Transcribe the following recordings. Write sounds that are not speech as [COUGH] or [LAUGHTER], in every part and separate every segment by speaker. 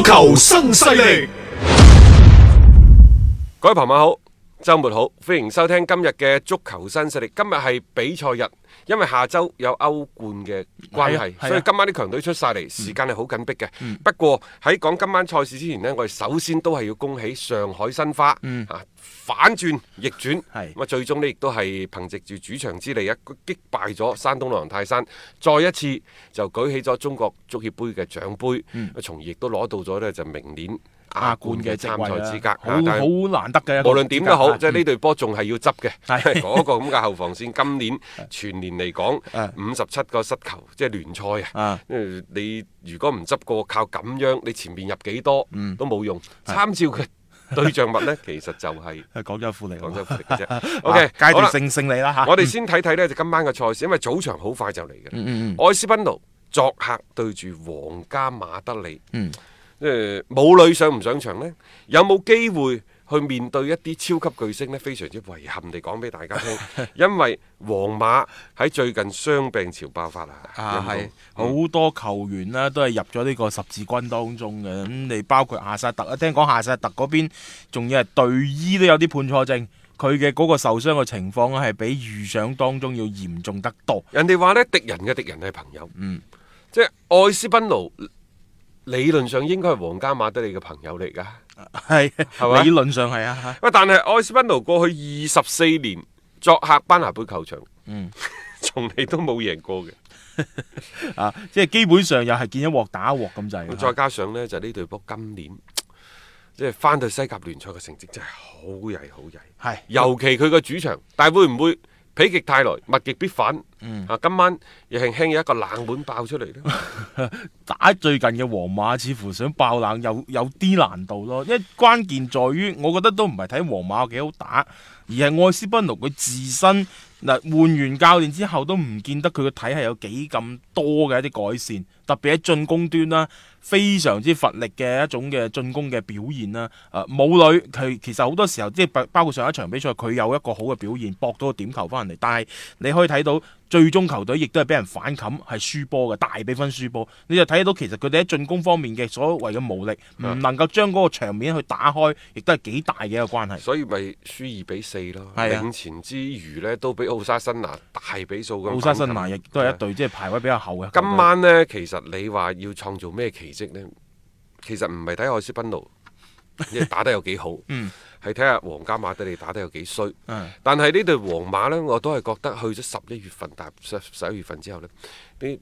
Speaker 1: 足球新勢力，
Speaker 2: 各位朋友好，周末好，歡迎收聽今日嘅足球新勢力。今日係比賽日。因為下周有歐冠嘅關係，啊啊、所以今晚啲強隊出晒嚟，嗯、時間係好緊迫嘅。嗯、不過喺講今晚賽事之前呢，我哋首先都係要恭喜上海申花、嗯、啊，反轉逆轉，咁是最終呢亦都係憑藉住主場之利啊，擊敗咗山東魯能泰山，再一次就舉起咗中國足協杯嘅獎杯，嗯、從而亦都攞到咗呢就明年亞冠嘅參賽資格，好
Speaker 3: 難得嘅。無論點都好，即係呢
Speaker 2: 隊波仲係要執嘅。嗰個咁嘅後防線，今年全年嚟講，五十七個失球，即係聯賽啊。你如果唔執過，靠咁樣，你前面入幾多，都冇用。參照佢對象物呢，其實就係廣州富力，廣州富力啫。O K，階段性勝利啦吓。我哋先睇睇呢就今晚嘅賽事，因為早場好快就嚟嘅。嗯，愛斯賓奴作客對住皇家馬德里。嗯。誒、呃，母女上唔上場呢？有冇機會去面對一啲超級巨星呢？非常之遺憾地講俾大家聽， [LAUGHS] 因為皇馬喺最近傷病潮爆發啊！啊國，係是好
Speaker 3: 多球員啦，都係入咗呢個十字軍當中嘅。咁、嗯、你包括夏薩特啊，聽講夏薩特嗰邊仲要係隊醫都有啲判錯症，佢嘅嗰個受傷嘅情況咧係比預想當中要嚴重得多。嗯、人哋話呢，敵人嘅敵人係朋友。嗯，即係愛斯賓奴。
Speaker 2: 理論上應該係皇家馬德里嘅朋友嚟噶，
Speaker 3: 係，係是 [LAUGHS] 吧理論上係啊。
Speaker 2: 喂，但係愛斯賓奴過去二十四年作客班拿貝球場，嗯， [LAUGHS] 從嚟都冇贏過嘅。
Speaker 3: [LAUGHS] 啊，即係基本上又係見一鍋
Speaker 2: 打一鍋咁滯。 [LAUGHS] 再加上呢，就呢、是、隊波今年即係翻到西甲聯賽嘅成績真係好曳好曳。係是，尤其佢嘅主場，但係會唔會否極泰來，物極必反？嗯、啊，今晚亦係輕易有一個冷門爆出嚟咧。
Speaker 3: [LAUGHS] 打最近嘅皇馬，似乎想爆冷有有啲難度咯。因為關鍵在於，我覺得都唔係睇皇馬有幾好打，而係愛斯賓奴佢自身嗱換完教練之後，都唔見得佢嘅體系有幾咁多嘅一啲改善。特別喺進攻端啦，非常之乏力嘅一種嘅進攻嘅表現啦。誒、呃，武磊佢其實好多時候即係包括上一場比賽，佢有一個好嘅表現，博到個點球翻嚟。但係你可以睇到。最終球隊亦都係俾人反冚，係輸波嘅大比分輸波。你就睇到其實佢哋喺進攻方面嘅所謂嘅武力，唔能夠將嗰個場面去打開，亦都係幾大嘅一個關係。
Speaker 2: 所以咪輸二比四咯。啊。領前之餘呢，都俾奧沙辛拿大比數㗎。奧沙辛拿亦都係一
Speaker 3: 隊，即係排位比較厚嘅。今晚
Speaker 2: 呢，其實你話要創造咩奇蹟呢？其實唔係睇愛斯賓奴。 [LAUGHS] 嗯、打得有幾好？嗯，係睇下皇家馬德你打得有幾衰。嗯、但係呢隊皇馬呢，我都係覺得去咗十一月份，大十一月份之後呢，啲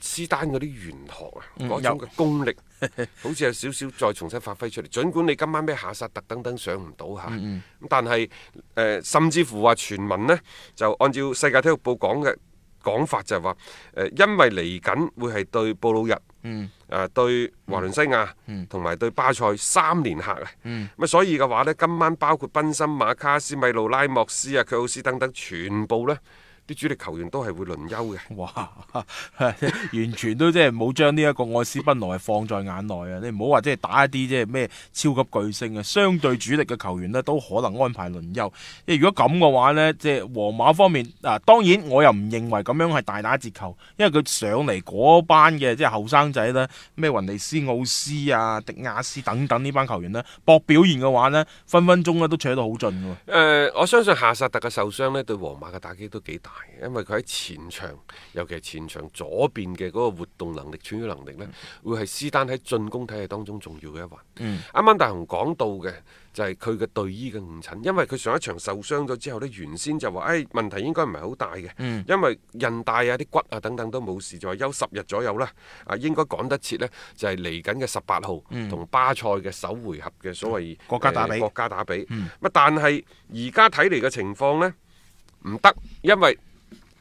Speaker 2: 斯丹嗰啲玄學啊，嗰、嗯、種嘅功力，嗯、 [LAUGHS] 好似有少少再重新發揮出嚟。儘管你今晚咩下殺特登登上唔到嚇，咁、嗯嗯、但係誒、呃，甚至乎話傳聞呢，就按照世界體育報講嘅。講法就係話，因為嚟緊會係對布魯，魯日，誒、嗯啊，對華倫西亞，同埋、嗯、對巴塞三連客啊，咁、嗯、所以嘅話咧，今晚包括賓森、馬卡斯、米路拉莫斯啊、卡奧斯等等，全部呢。啲主
Speaker 3: 力球員都係會輪休嘅。哇！完全都即係冇將呢一個愛斯賓奴係放在眼內啊！你唔好話即係打一啲即係咩超級巨星啊，相對主力嘅球員呢都可能安排輪休。即係如果咁嘅話呢，即係皇馬方面嗱，當然我又唔認為咁樣係大打折扣，因為佢上嚟嗰班嘅即係後生仔呢，咩雲尼斯奧斯啊、迪亞斯等等呢班球員呢，搏表現嘅話呢，分分鐘咧都扯到好盡喎。
Speaker 2: 呃，我相信夏薩特嘅受傷呢，對皇馬嘅打擊都幾大。因為佢喺前場，尤其係前場左邊嘅嗰個活動能力、穿梭能力呢，會係斯丹喺進攻體系當中重要嘅一環。啱啱、嗯、大雄講到嘅就係佢嘅隊醫嘅誤診，因為佢上一場受傷咗之後呢，原先就話，誒、哎、問題應該唔係好大嘅，嗯、因為韌帶啊、啲骨啊等等都冇事，就話休十日左右啦，啊應該趕得切呢，就係嚟緊嘅十八號同、嗯、巴塞嘅首回合嘅所謂、嗯、國家打比，國家打比，但係而家睇嚟嘅情況呢，唔得，因為。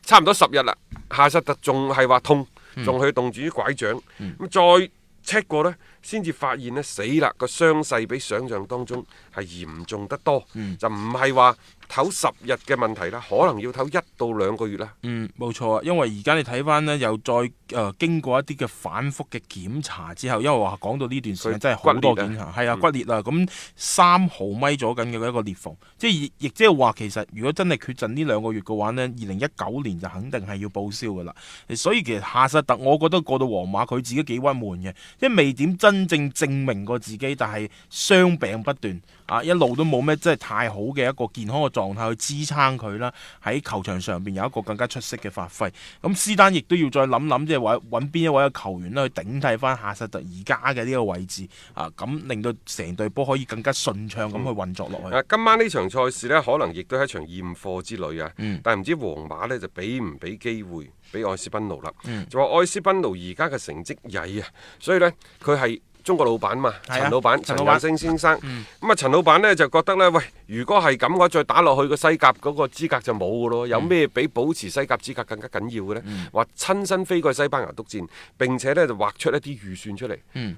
Speaker 2: 差唔多十日啦，夏薩特仲係話痛，仲去動住啲拐杖。咁、嗯、再 check 過呢，先至發現呢，死啦，個傷勢比想象當中係嚴重得多，嗯、就唔係話。唞十日嘅問題啦，可能要唞一到兩個月啦。
Speaker 3: 嗯，冇錯啊，因為而家你睇翻呢，又再誒、呃、經過一啲嘅反覆嘅檢查之後，因為話講到呢段時間它 真係好多檢查，係啊骨裂啦，咁、啊嗯、三毫米左緊嘅一個裂縫，即係亦即係話其實如果真係缺陣呢兩個月嘅話呢，二零一九年就肯定係要報銷噶啦。所以其實夏薩特，我覺得過到皇馬佢自己幾鬱悶嘅，即係未點真正證明過自己，但係傷病不斷啊，一路都冇咩真係太好嘅一個健康嘅。狀態去支撐佢啦，喺球場上邊有一個更加出色嘅發揮。咁斯丹亦都要再諗諗，即係揾揾邊一位嘅球員咧去頂替翻夏薩特而家嘅呢個位置啊，咁令到成隊波可以更加順暢咁去運作落去。嗯，
Speaker 2: 今晚呢場賽事呢，可能亦都係一場驗貨之旅啊。但係唔知皇馬呢，就俾唔俾機會俾愛斯賓奴啦？嗯。就話愛斯賓奴而家嘅成績曳啊，所以呢，佢係。中國老闆嘛，陳老闆的陳雁升先生，咁啊、嗯、陳老闆呢，就覺得呢：「喂，如果係咁嘅話，再打落去個西甲嗰個資格就冇㗎咯，嗯、有咩比保持西甲資格更加緊要嘅呢？話、嗯、親身飛過西班牙督戰，並且呢就劃出一啲預算出嚟，嗯、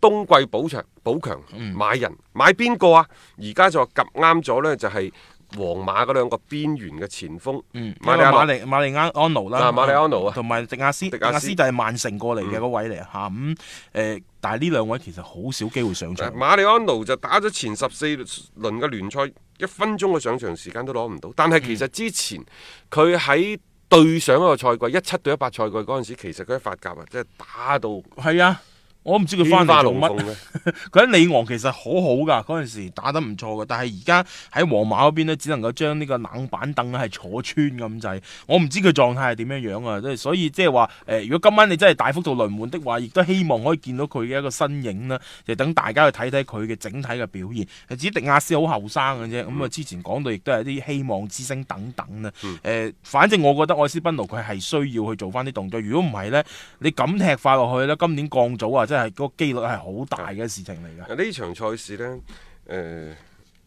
Speaker 2: 冬季補強補強、嗯、買人買邊個啊？而家就話夾啱咗呢，就係、是。皇馬嗰兩個邊緣嘅前鋒，嗯，馬馬里
Speaker 3: 馬里安奴啦，馬里安奴啊，同埋迪亞斯，迪亞斯就係曼城過嚟嘅嗰位嚟啊吓咁誒，但係呢兩位其實好少機會上場。馬
Speaker 2: 里安奴就打咗前十四輪嘅聯賽，一分鐘嘅上場時間都攞唔到。但係其實之前佢喺對上一個賽季一七對一八賽季嗰陣時，其實佢嘅髮夾啊，即係打到
Speaker 3: 係啊。我唔知佢翻嚟做乜。佢喺 [LAUGHS] 里昂其實好好噶，嗰陣時打得唔錯噶。但係而家喺皇馬嗰邊咧，只能夠將呢個冷板凳係坐穿咁滯。我唔知佢狀態係點樣樣啊！即係所以即係話誒，如果今晚你真係大幅度輪換的話，亦都希望可以見到佢嘅一個身影啦。就等大家去睇睇佢嘅整體嘅表現。只係迪亞斯好後生嘅啫。咁啊，之前講到亦都係啲希望之星等等啦。誒、呃，反正我覺得愛斯賓奴佢係需要去做翻啲動作。如果唔係呢，你咁踢法落去咧，今年降組啊！即係個機率係好大嘅事情嚟㗎。
Speaker 2: 呢、啊、場賽事咧，誒、呃。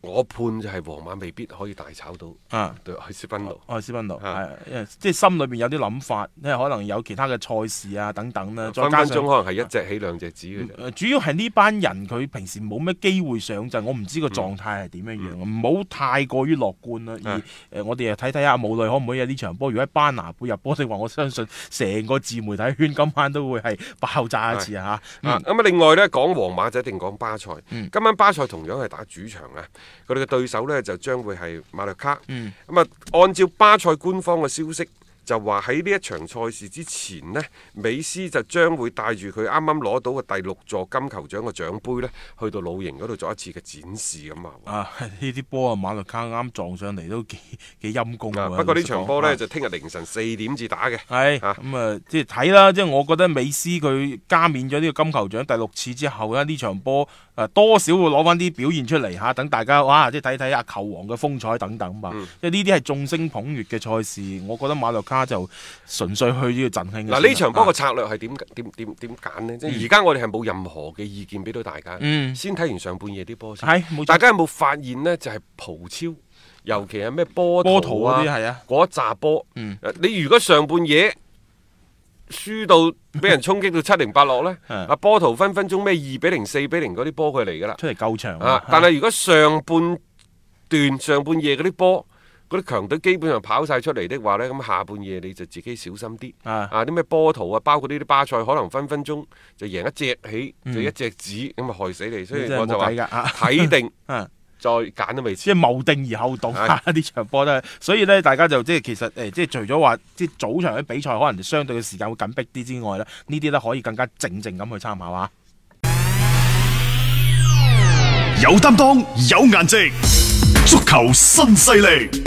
Speaker 2: 我判就係皇馬未必可以大炒到啊，對、啊、阿斯賓奴，
Speaker 3: 阿斯賓奴係即係心裏邊有啲諗法，因為可能有其他嘅賽事啊等等啦。分分鐘可能係一隻起兩隻子嘅、啊、主要係呢班人佢平時冇咩機會上陣，我唔知個狀態係點樣樣，唔好太過於樂觀啦、啊。而誒、啊啊，我哋又睇睇下武磊可唔可以啊？呢場波如果喺班拿貝入波的話，我，我相信成個自媒體圈今晚都會係爆炸一次嚇。啊
Speaker 2: 咁啊！另外咧，講皇馬就一定講巴塞。今晚巴塞同樣係打主場啊。嗯佢哋嘅對手呢，就將會係馬略卡，咁啊，嗯，按照巴塞官方嘅消息。就話喺呢一場賽事之前呢，美斯就將會帶住佢啱啱攞到嘅第六座金球獎嘅獎杯呢，去到魯營嗰度做一次嘅展示咁啊！
Speaker 3: 啊，呢啲波啊，馬洛卡啱撞上嚟都幾幾陰功啊。啊！不過呢場波呢，就聽日凌晨四點至打嘅，係咁啊，即係睇啦。即係我覺得美斯佢加冕咗呢個金球獎第六次之後呢，呢、啊、場波啊多少會攞翻啲表現出嚟嚇，等、啊、大家哇即係睇睇阿球王嘅風采等等吧。即係呢啲係眾星捧月嘅賽事，我覺得馬洛卡。就純粹去呢個振興嗱，呢場波嘅策
Speaker 2: 略係點點點點揀呢？即係而家我哋係冇任何嘅意見俾到大家。嗯、先睇完上半夜啲波，係大家有冇發現呢？就係、是、蒲超，尤其係咩波波圖嗰啊，嗰紮波、啊、波。嗯、你如果上半夜輸到俾人衝擊到七零八落呢， [LAUGHS] 是的 啊波圖分分鐘咩二比零、四比零嗰啲波佢嚟㗎喇，
Speaker 3: 出嚟救場啊！但係
Speaker 2: 如果上半段、上半夜嗰啲波。嗰啲強隊基本上跑晒出嚟的話咧，咁下半夜你就自己小心啲啊！啲咩波圖啊，包括呢啲巴塞，可能分分鐘就贏一隻
Speaker 3: 起，就一隻子咁啊害死你！所以我就睇定，再揀都未遲。即係謀定而後動啊！啲場波都係，所以咧大家就即係其實誒，即係除咗話即係早場嘅比賽，可能相對嘅時間會緊迫啲之外咧，呢啲咧可以更加靜靜咁去參考
Speaker 1: 啊！有擔當，有顏值，足球新勢力。